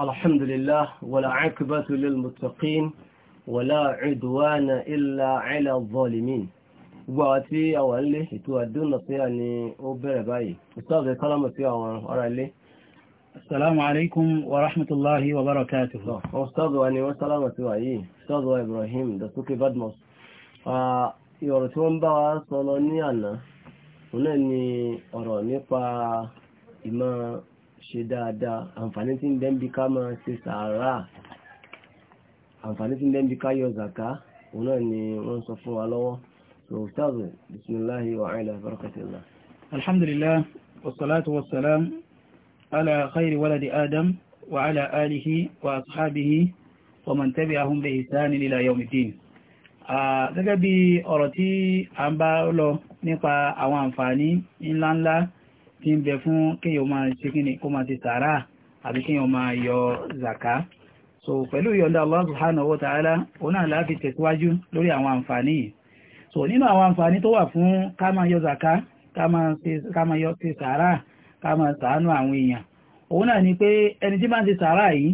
الحمد لله ولا عقبة للمتقين ولا عدوان إلا على الظالمين واتي أولي توادون نصياني أبرا باي أستاذ كلامة في أولي السلام عليكم ورحمة الله وبركاته أستاذ واني وسلامة وعي أستاذ إبراهيم دسوكي بدموس ìrọ̀ tí wọ́n bá wa sọ lọ ní àná òun náà ni ọ̀rọ̀ nípa ìmọ̀ ṣe dáadáa àǹfààní tí ń bẹ ń bi ká máa ṣe sàárà àǹfààní tí ń bẹ ń bi ká yọ zàká òun náà ni wọ́n sọ fún wa lọ́wọ́ so ustaz bisimilahi wa ala barakatulah. alhamdulillah wasalaatu wasalaam ala khayri waladi adam wa ala alihi wa ashabihi wa man tabi'ahum bi ihsani ila yawmiddin gẹ́gẹ́ bí ọ̀rọ̀ tí a ń bá lọ nípa àwọn àǹfààní ńláńlá tí ń bẹ fún kéèyàn máa ṣe kí ni kó máa ti sàárà àbí kéèyàn máa yọ zaka so pẹ̀lú ìyọ̀ǹda Allah subhanahu wa ta'ala òun náà láti tẹ̀síwájú lórí àwọn àǹfààní yìí so nínú àwọn àǹfààní tó wà fún ká máa yọ zaka ká máa yọ ti sàárà ká máa sàánú àwọn èèyàn òun náà ni pé ẹni tí máa ń ti sàárà yìí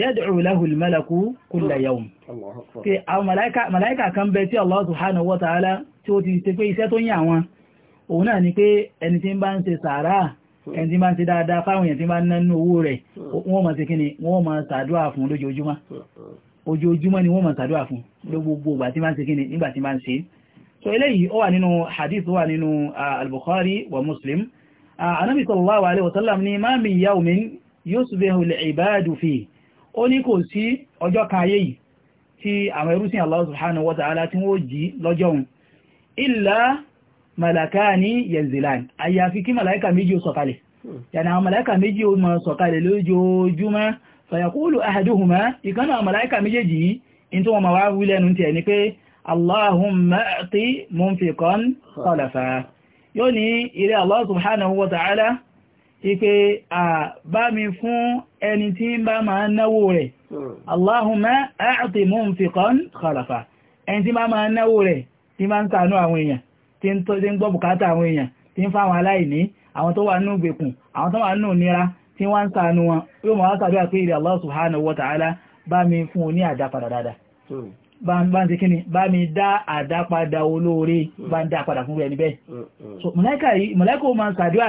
yad'u lahu al-malaku kulla yawm. Àwọn màláíkà kan bẹ tí Allah subhanahu wa ta'ala tí ó ti ṣe pé iṣẹ́ tó yìn àwọn òun náà ni pé ẹni tí ń bá ń ṣe sàárà ẹni tí ń bá ń ṣe dáadáa fáwọn èèyàn tí ń bá ń nánú owó rẹ̀ wọ́n máa ṣe kíni wọ́n máa ṣàdúrà fún lójoojúmọ́ ojoojúmọ́ ni wọ́n máa ṣàdúrà fún gbogbo ìgbà tí ń ṣe ń ṣe so eléyìí ó wà nínú hadith wà nínú al-Bukhari wa Muslim anabi sallallahu alaihi wasallam ni ma min yawmin yusbihu al-ibadu fi ó ní kò sí ọjọ́ kan ayé yìí tí àwọn ẹrúsìn illa malakani yanzilan àyàfi kí malaika méjì ó sọ̀kalẹ̀ hmm. yàna àwọn malaika méjì ó máa sọ̀kalẹ̀ lójoojúmọ́ fayakulu ahaduhuma ìkan náà malaika méjèèjì yìí in tí wọ́n ma wá wí lẹ́nu tiẹ̀ ni pé allahumma ati munfiqan salafa yóò ní ilé allah subhanahu wa ta'ala ipe a bá mi fún ẹni tí ń bá náwó rẹ̀. Hmm. Allahumma a'ti ń tànú àwọn èèyàn tí ń tó tí ń gbọ́ bùkátà àwọn èèyàn tí ń fáwọn aláìní àwọn tó wà nínú ìgbèkùn àwọn tó wà nínú ìnira tí wọ́n ń ṣàánú wọn yóò mọ̀ wá sàdúrà pé ìrẹ̀ Allah subhanahu wa ta'ala bá mi fún o ní àdápadà dáadáa hmm. bá ń ti kíni bá mi dá àdápadà olóore hmm. bá ń dá padà fún rẹ̀ níbẹ̀ mọ̀lẹ́kà yìí mọ̀lẹ́kà ó máa ń sàdúrà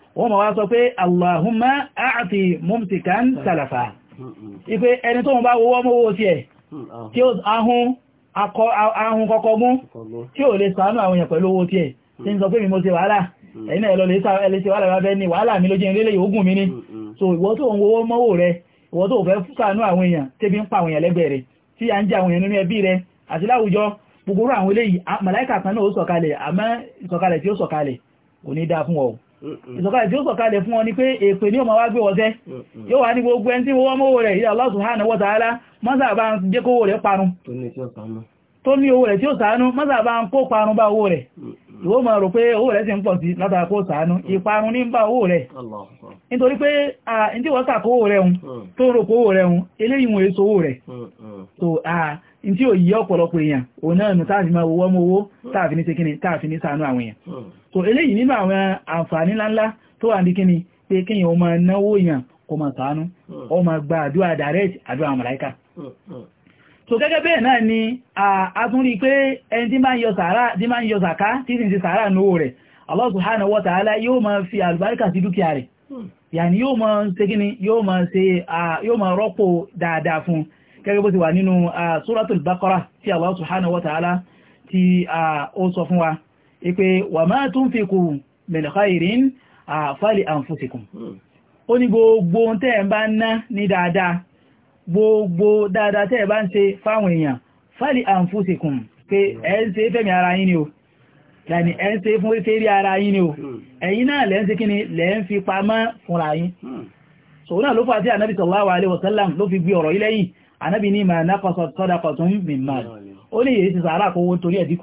wọ́n ma wá sọ pé Allahumma a'ti mumtikan salafa ipe ẹni tó ń bá wọ́wọ́ mọ́wọ́ sí ẹ̀ tí ó ahun kọkọ mú tí ó lè ṣàánú àwọn èèyàn pẹ̀lú owó tí ẹ̀ tí ń sọ pé mi mo ṣe wàhálà ẹ̀yìn ẹ̀lọ lè ṣe wàhálà bá ní wàhálà mi ló jẹ́ ilé ìhógùn mi ní ìsọ̀kalẹ̀ tí ó sọ̀kalẹ̀ fún ọ ni pé èpè ní ọmọ wá gbé wọ́tẹ́ yóò wá ní gbogbo ẹni tí wọ́n mọ́wọ́ rẹ̀ Allah subhanahu wa ta'ala mọ́sà bá ń jẹ́ kówó rẹ̀ parun tó ní owó rẹ̀ tí ó sàánú mọ́sà bá ń kó parun bá owó rẹ̀ ìwọ máa rò pé owó rẹ̀ sì ń pọ̀ sí látara kó sàánú ìparun ní bá owó rẹ̀ nítorí pé àà ní tí wọ́n sàkówó rẹ̀ hun mm. tó ń rò kówó rẹ̀ hun eléyìí èso owó rẹ̀ in tí ò yí ọ̀pọ̀lọpọ̀ èèyàn òun náà nù táàfin máa wọ́n mọ́ táàfin ní sekíní táàfin ní ṣàánú àwọn èèyàn hmm. so eléyìí nínú àwọn àǹfààní ńláńlá tó wà ní kíni pé kíyàn ó máa náwó èèyàn kó máa ṣàánú hmm. ó máa gba àdúrà direct àdúrà màláíkà hmm, so gẹ́gẹ́ bẹ́ẹ̀ náà ni a tún rí pé ẹni tí máa ń yọ sàárà tí máa ń yọ sàká tí sì ń ti sàárà nówó rẹ̀ Allah subhanahu wa ta'ala yóò máa gẹ́gẹ́ bó ti wà nínú suratul baqara tí Allah subhanahu wa ta'ala tí ó sọ fún wa ipé wa ma tunfiqu min khairin fali anfusikum hmm. ó ní gbogbo tẹ́ ẹ̀ bá ń ná ní dáadáa gbogbo dáadáa tẹ́ ẹ̀ bá ń ṣe fáwọn èèyàn fali anfusikum pé ẹ̀ ń ṣe fẹ́mi ara anábi ní ma nákọsọ sọ́dakọ̀ tó ń mìn máa ó ní èyí ti sàárà kówó torí ẹ̀ rí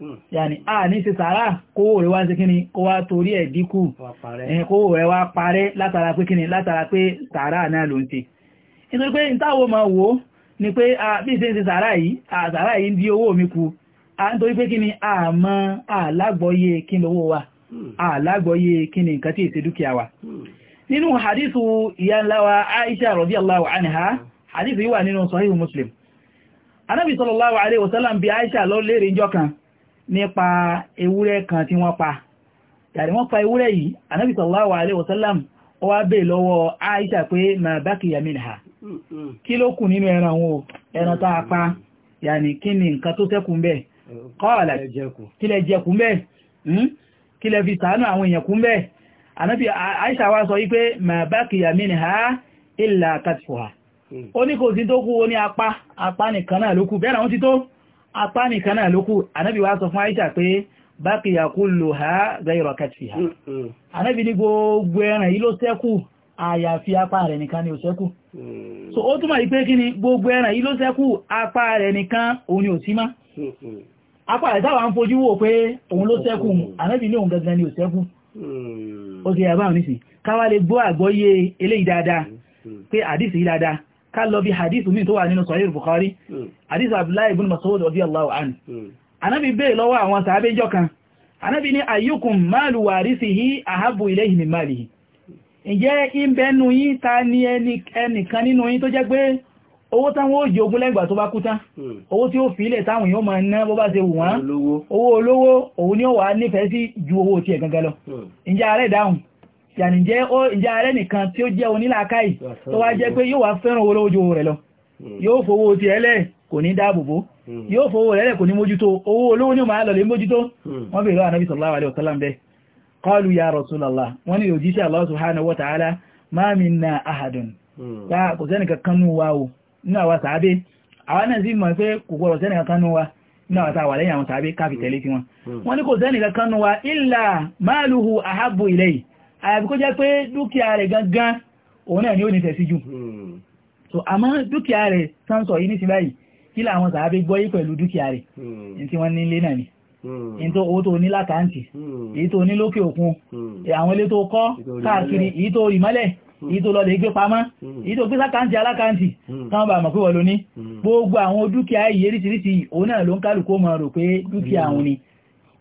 hmm. yàní a ní ti sàárà kówó rẹ̀ wá sí kíni kó wá torí ẹ̀ díkù kówó rẹ̀ wá parẹ́ látara pé kíni látara pé sàárà náà ló ń ṣe nítorí pé ìtawó ma wò ni pé bí ìṣe ń ṣe sàárà yìí sàárà yìí ń di owó mi kù nítorí pé kíni àmọ́ àlágbọ́yé kí lówó wa àlágbọ́yé hmm. kíni nǹkan tí ìṣe dúkìá wa hmm. nínú Aisha radiyallahu anha hadith yìí wà nínú sahih muslim anábì sallallahu alaihi wasallam bí aisha lọ léèrè ìjọ kan nípa ewúrẹ́ kan tí wọ́n pa yàrí wọ́n pa ewúrẹ́ yìí anábì sallallahu alaihi wasallam ó wá bèè lọ́wọ́ aisha pé ma baqiya minha kilo ló kù nínú ẹran wọn ẹran tó apá yàní kí ni nǹkan tó ṣẹ́kùn bẹ́ẹ̀ qalat kí lẹ jẹkùn bẹ́ẹ̀ kí hmm? fi sàánú àwọn èèyàn kún bẹ́ẹ̀ anábì aisha wá sọ wípé ma baqiya minha illa katfuha ó ní kò sí tó kú ó ní apá apá nìkan náà lókù bẹ́ẹ̀rẹ̀ wọ́n ti tó apá nìkan náà lókù anábì wá sọ fún Aisha pé baqiya kulluha ghayra katfiha anábì mm, mm. ní gbogbo ẹran yìí ló ṣẹ́kù àyàfi apá rẹ̀ nìkan ni ò ṣẹ́kù mm. so ó túmọ̀ yìí pé kí ni gbogbo ẹran yìí ló ṣẹ́kù apá rẹ̀ nìkan òun ni ò sí mọ́ apá rẹ̀ táwa ń fojú wò pé òun ló ṣẹ́kù anábì ní òun gangan ni ò ṣẹ́kù ó ti yà báwọn nísìn káwá lè gbọ́ àgbọ́yé eléyìí dáadáa pé àdìsí dáadáa ká lọ bí hadith mi tó wà nínú sahih bukhari hmm. hadith abdullahi ibn mas'ud radiyallahu anhu anabi hmm. bẹ́ẹ̀ lọ́wọ́ àwọn sàábé jọ kan anabi ní ayyukum malu warithihi ahabbu ilayhi min malihi ǹjẹ́ in bẹnu yín ta ni ẹnìkan nínú yín tó jẹ́ pé owó táwọn ó jogun lẹ́gbà tó bá kú tán hmm. owó tí ó fi ilẹ̀ táwọn yóò máa ná bó bá ṣe wù wọ́n owó olówó òun ni ó wà nífẹ̀ẹ́ sí ju owó tiẹ̀ gangan lọ ààrẹ dáhùn yàní jẹ́ ó ìjẹ́ ààrẹ nìkan tí ó jẹ́ onílàákàì tó wá jẹ́ pé yóò wá fẹ́ràn owó ojú rẹ̀ lọ hmm. yóò fowó ti ẹlẹ́ kò ní dáàbòbò hmm. yóò fowó rẹ̀ kò ní mójútó owó olówó ní òmà lọlẹ̀ mójútó hmm. wọ́n bèèrè ànábì sallallahu alaihi wasallam bẹ́ qalu ya rasulallah wọ́n ní òjíṣẹ́ Allah subhanahu wa ta'ala ma minna ahadun ta kò sẹ́nìkan kanú wa o nínú àwa sàábé àwọn náà sì mọ̀ pé kò gbọ́dọ̀ lẹ́yìn àwọn sàábé káfì tẹ̀lé tiwọn wọ́n ní kò sẹ́nìkan kanú wa illa maluhu ahabbu ilayhi àyàbí kó jẹ́ pé dúkìá rẹ̀ gangan òun náà ni ó nífẹ̀ẹ́ sí jù hmm. so àmọ́ dúkìá rẹ̀ tán sọ yìí nísìn báyìí kí làwọn sàábé gbọ́yé pẹ̀lú dúkìá rẹ̀ hmm. ní tí wọ́n nílé náà ni èyí hmm. tó owó tó ní lákàntì èyí tó ní lókè òkun àwọn ilé tó kọ́ káàkiri èyí tó rì mọ́lẹ̀ èyí tó lọlẹ̀ gbé pamọ́ èyí tó gbé sákàntì alákàntì táwọn bá mọ̀ pé wọ́n ló ní gbogbo àwọn dúkìá yìí eríṣiríṣi òun náà ló ń kálukú mọ̀ rò pé dúkìá òun ni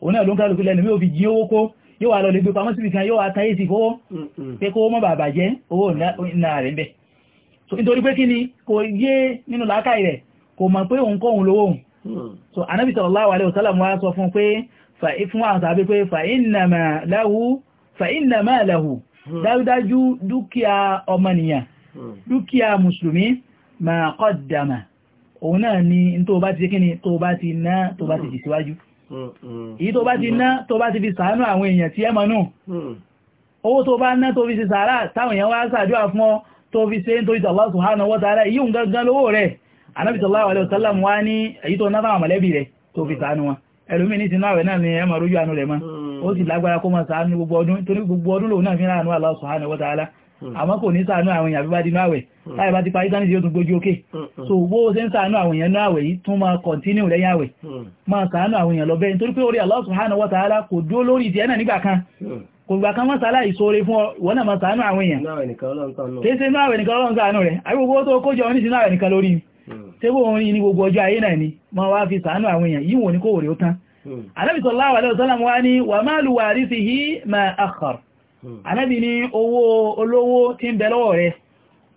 òun náà ló ń kálukú lẹ́nu mi ò fi jí owó kó yóò wà lọ lè gbé pamọ́ síbi kan yóò wà táyé sí kówó mm, mm. pé kówó mọ́ bàbà jẹ́ owó ìná rẹ̀ ń bẹ̀ so nítorí pé kí ni kò yé nínú làákàyè rẹ̀ kò mọ̀ pé òun kọ́hun lówó òun mm. so anábì sallallahu alaihi wasallam wá sọ fún pé fún àwọn sàbí pé fàínàmà lahu dájúdájú dúkìá ọmọnìyàn dúkìá mùsùlùmí ma qaddama òun náà ni tó ni tó bá ti ná tó bá èyí tó bá ti ná tó bá ti fi sàánú àwọn èèyàn tí ẹ mọ̀ nù owó tó bá ná tó fi ṣe sàárà táwọn èèyàn wá ṣàdúrà fún ọ tó fi ṣe nítorí Allah subhanahu wa ta'ala yíò gangan lówó rẹ̀ Ànábì sallallahu alaihi wasallam rẹ̀ tó fi ṣàánú ni ẹ máa rójú àánú rẹ̀ mọ́ ó sì lágbára kó máa Allah subhanahu wa Hmm. àmọ́ kò ní ṣàánú àwọn èèyàn àbíbá dínú àwẹ̀ láì hmm. bá ti parí sáni tí ó tún gbójú òkè hmm, so bó ṣe ń ṣàánú àwọn èèyàn ní àwẹ̀ yìí tún máa kọ̀ntínú lẹ́yìn àwẹ̀ máa ṣàánú àwọn èèyàn lọ́bẹ̀ nítorí pé orí Allah subhanahu wa ta'ala kò dúró lórí ìdí ẹ̀nà nígbà kan kò gbà kan mọ́sálà ìṣòre fún ìwọ́n náà máa ṣàánú àwọn èèyàn kìí ṣe inú àwẹ̀ nìkan Ọlọ́run ṣàánú rẹ̀ àríwógbó tó kójọ ní sínú àwẹ̀ nìkan lórí tébò orin ní gbogbo ọjọ́ ayé náà ni máa wá fi ṣàánú àwọn èèyàn yíwò ní kòwòrè ó tán Ànábì sallallahu alaihi wasallam wá ní wa malu warisihi ma akhar anábì hmm. ní owó olówó tí ń bẹ lọ́wọ́ rẹ̀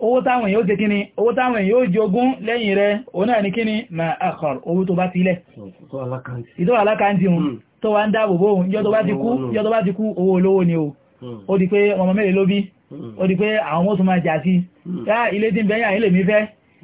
owó táwọn èèyàn ó jẹ kíni owó táwọn èèyàn ó jogún lẹ́yìn rẹ̀ òun náà ní kíni ma akhar owó tó bá ti lẹ̀ ìtọ́ alákàntí hun hmm. tó wá ń dáàbòbò ohun yọ́ tó bá ti kú yọ́ hmm. tó bá ti kú owó olówó ni o ó di pé ọmọ mẹ́rin ló ó di pé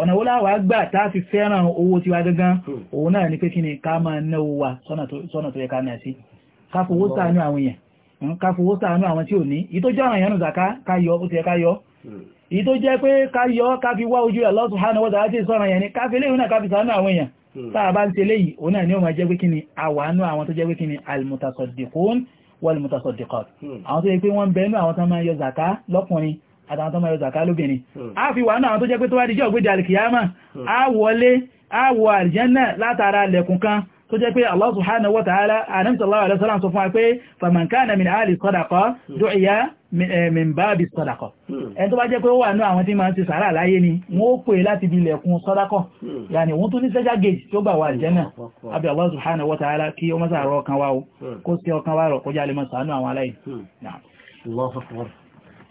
ọ̀nà wo láwàá gbà tá a fi fẹ́ràn owó tiwa gangan hmm. òun náà ni pé kí ni ká máa ná owó wa sọ́nà tó yẹ ká náà sí ká fowó ṣàánú àwọn èèyàn hmm, ká fowó ṣàánú àwọn tí ò ní èyí tó jẹ́ àwọn èèyàn zàká ká yọ ó ti yẹ ká yọ hmm. èyí tó jẹ́ pé ká yọ ká fi wá ojú Allah subhanahu wa ta'ala sọ́nà yẹn ni ká fi wọ́n àtàwọn tó máa yọ zàká lóbìnrin hmm. a fi wà náà tó jẹ́ pé tó wá díjọ́ ògbé dàlìkìyàmà hmm. a wọlé a wọ àlìjẹ́nà látara lẹ̀kùn kan tó jẹ́ pé Allah subhanahu wa ta'ala anamta Allah alaihi salam sọ fún wa pé faman kana min ali sadaqa hmm. du'iya eh, min babi sadaqa ẹni tó bá jẹ́ pé ó wà ní àwọn tí máa ń ti sàárà láyé ni wọ́n ó pè láti bí lẹ̀kùn sadaqa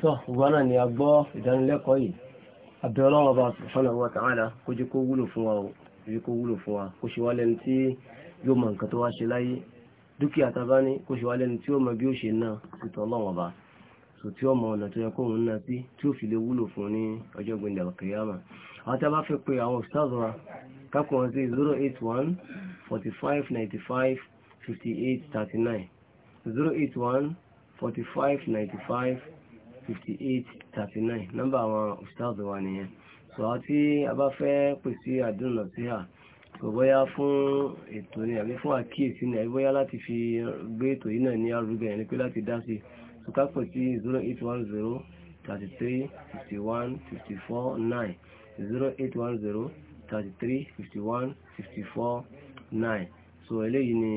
tó ṣùgbọ́n náà ni a gbọ́ ìdánilẹ́kọ̀ọ́ yìí abẹ́ ọlọ́run ọba subhanahu wa ta'ala kó jẹ́ kó wúlò fún wa o kó jẹ́ kó wúlò fún wa kó ṣe wá lẹ́nu tí yóò mọ nǹkan tó wá ṣe láyé dúkìá tá a bá ní kó ṣe wá lẹ́nu tí yóò mọ bí ó ṣe náà sùtọ̀ ọlọ́run ọba so tí ọmọ ọ̀nà tó yẹ kó òun náà sí tí ó fi lè wúlò fún ní ọjọ́ gbẹ̀ndẹ̀ àkèyàmà àwọn tí a bá fẹ́ pe àwọn stars wa kápọ̀ wọn sí zero eight one forty five ninety five fifty eight thirty nine zero eight one forty five ninety five fifty eight thirty nine nọ́mbà àwọn ustaz wa nìyẹn so àwọn tí a bá fẹ́ pèsè àdúrà sí à kò bóyá fún ètò ni àbí fún àkíyèsí ni àbí bóyá láti fi gbé ètò yìí náà ní arúgbó yẹn ni pé láti dá sí so ká pè sí zero eight one zero thirty three fifty one fifty four nine zero eight one zero thirty three fifty one fifty four nine so eléyìí ni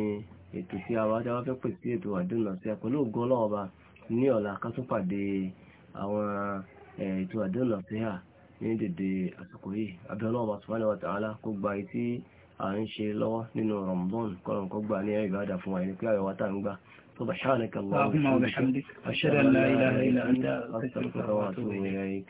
ètò tí a wá tí a wá fẹ́ pèsè ètò àdúrà sí à pẹ̀lú ògo ọlọ́wọ́ bá ní ọ̀la ká tún pàdé àwọn ètò àdéhùn àfihàn ní dèdè àsìkò yìí abẹ́ọ́lọ́ ọba subhanahu wa ta'ala kó gba èyí tí à ń ṣe lọ́wọ́ nínú Ramadan kọ́lọ̀ kó gba ní ìbádà fún wa ní pé àyẹ̀wò tá à ń gbà subhanaka Allahumma wa bihamdika ashhadu